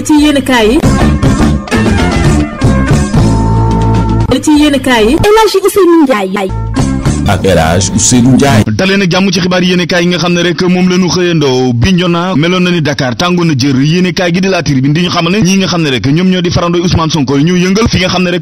li ci yéen yi li ci yéen kaay yi El Hadji Ousseynou ak jàmm ci xibaar yéene yi nga xam ne rek moom la xëyandoo Bignona meloon na ni Dakar tàngoon jër yéene gi di la tir di ñu xamal ne ñi di farandooy Ousmane Sonko ñu ñu xamal ne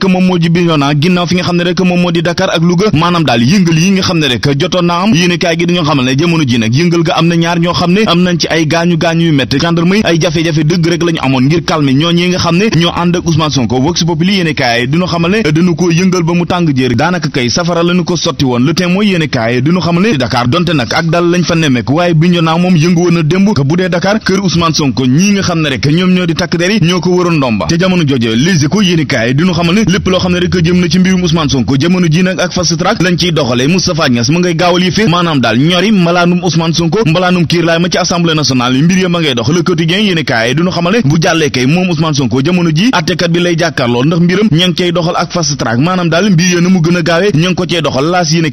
xamal ne dañu ko yëngal ba mu tàng jër daanaka kay safara lañu ko sotti woon témoin yéene kaay di ñu xamale dakaar donte nag ak dal lañ fa nemeek waaye Bignona moom yëngu woon a démb que bu dee Dakar kër Ousmane Sonko ñii nga xam ne rek ñoom ñoo di takk der ñoo ko waroon ndomba te jamono jooje Les Échos yéene kaay xamale lépp loo xam ne rek jëm na ci mbirum Ousmane Sonko jamono ji nag ak fast track lañ ciy doxale Moustapha Niass mu ngay gaawal yi fi maanaam daal ñori mbalaanum Ousmane Sonko mbalaanum kiir laay ma ci Assemblée nationale yi mbir ya ma ngay dox Le Quotidien yéene kaay ji attekat bi lay jàkkaarloo ndax mbiram ña ngi cay doxal ak fast track daal mbir ya na mu a gaawee ña ko cey doxal laas yéene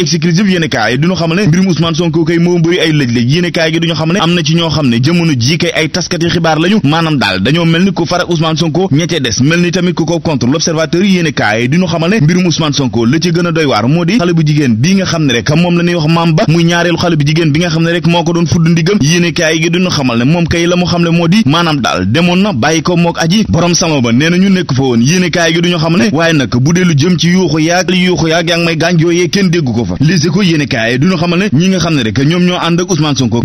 exclusif yéen kaay duñu xam ne mbirum Ousmane Sonko kay moo bëri ay lëj-lëj yéen kaay gi duñu xam ne am ne jamono ji kay ay taskati xibaar lañu maanaam daal dañoo mel ni ku far ak Ousmane Sonko ñettee des mel ni tamit ku ko contre l'observateur ne mbirum Ousmane Sonko la ci gën a doy waar moo di xale bu jigéen bi nga xam ne rek moom la ñuy wax maam ba muy ñaareelu xale bu jigéen bi nga xam ne rek moo ko doon fudd ndigam yéen kaay gi duñu xamal ne moom kay la mu xam ne moo di maanaam daal demoon na bàyyi ko mook aji borom sama ba nee na ñu nekk fa woon yéen kaay gi duñu xam ne waaye ko foofa Les Échos yéenekaay duñu xamal ne ñi nga xam ne rek ñoom ñoo ànd ak Ousmane Sonko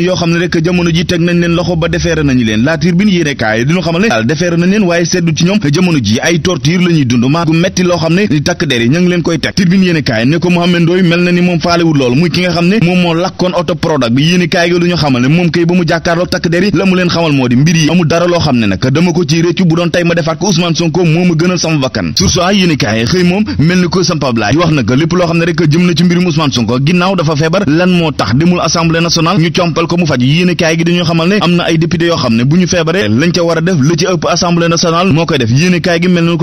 yoo xam ne rek jamono ji teg leen loxo ba defeere nañu leen loo xam ne di takk der yi ña ngi leen koy teg Tribune yéenekaay ne ko moom faalewul loo xam ne nag dama ko ci réccu gënal sama bakkan source ay yéenekaay xëy moom mel ni ko sampablaay wax nag lépp loo xam ne rek daanaka jëm na ci mbirum Ousmane Sonko ginnaaw dafa feebar lan moo tax demul assemblée nationale ñu compal ko mu faj yéenekaay gi dañu xamal ne am na ay député yoo xam ne bu ñu feebaree lañ ko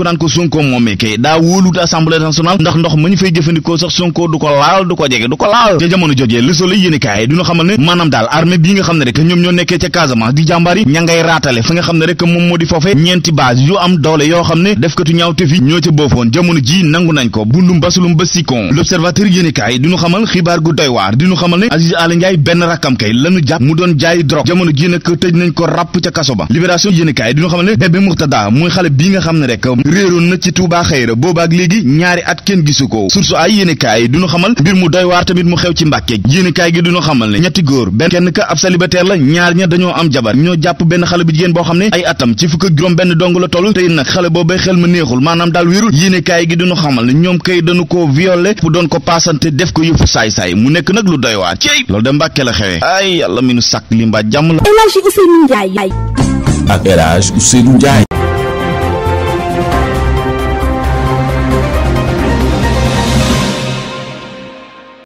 naan ko Sonko moomee kay daa wóoluta assemblée nationale ndax ndox ma ñu fay jëfandikoo sax Sonko du ko laal du ko jege du ko laal ca jamono jojee Le Soleil yéenekaay duñu xamal ne maanaam daal armée bii nga xam ne rek ñoom ñoo nekkee ca Casamance di jàmbaar yi l'observateur yéenekaay di ñu xamal xibaar gu doy waar di ñu xamal ne Aziz Aly Ndiaye benn rakkam kay lañu jàpp mu doon jaayi drogue jamono ji nag tëj nañ ko ràpp ca kaso ba libération yéenekaay di ñu xamal ne bébé Murtada xale bi xam ne mu doy waar tamit mu xew ci Mbàkke yéenekaay gi di ñu xamal ne ñetti góor benn kenn ka ab la ñaar ña dañoo am jabar ñoo jàpp benn xale bu jigéen boo xam ne ay atam ci fukk ak juróom benn dong la toll tey nag xale boobay xel ma neexul maanaam daal wérul yéenekaay gi di ñu xamal ne ñoom kay dañu ko violé pour doon ko ko paasante def ko yëfu saay-saay mu nekk nag lu doy waar cey loolu de mbàkke la xewee ay yàlla mi nu sàkk li mbaa jàmm la El Hadji Ousseynou Ndiaye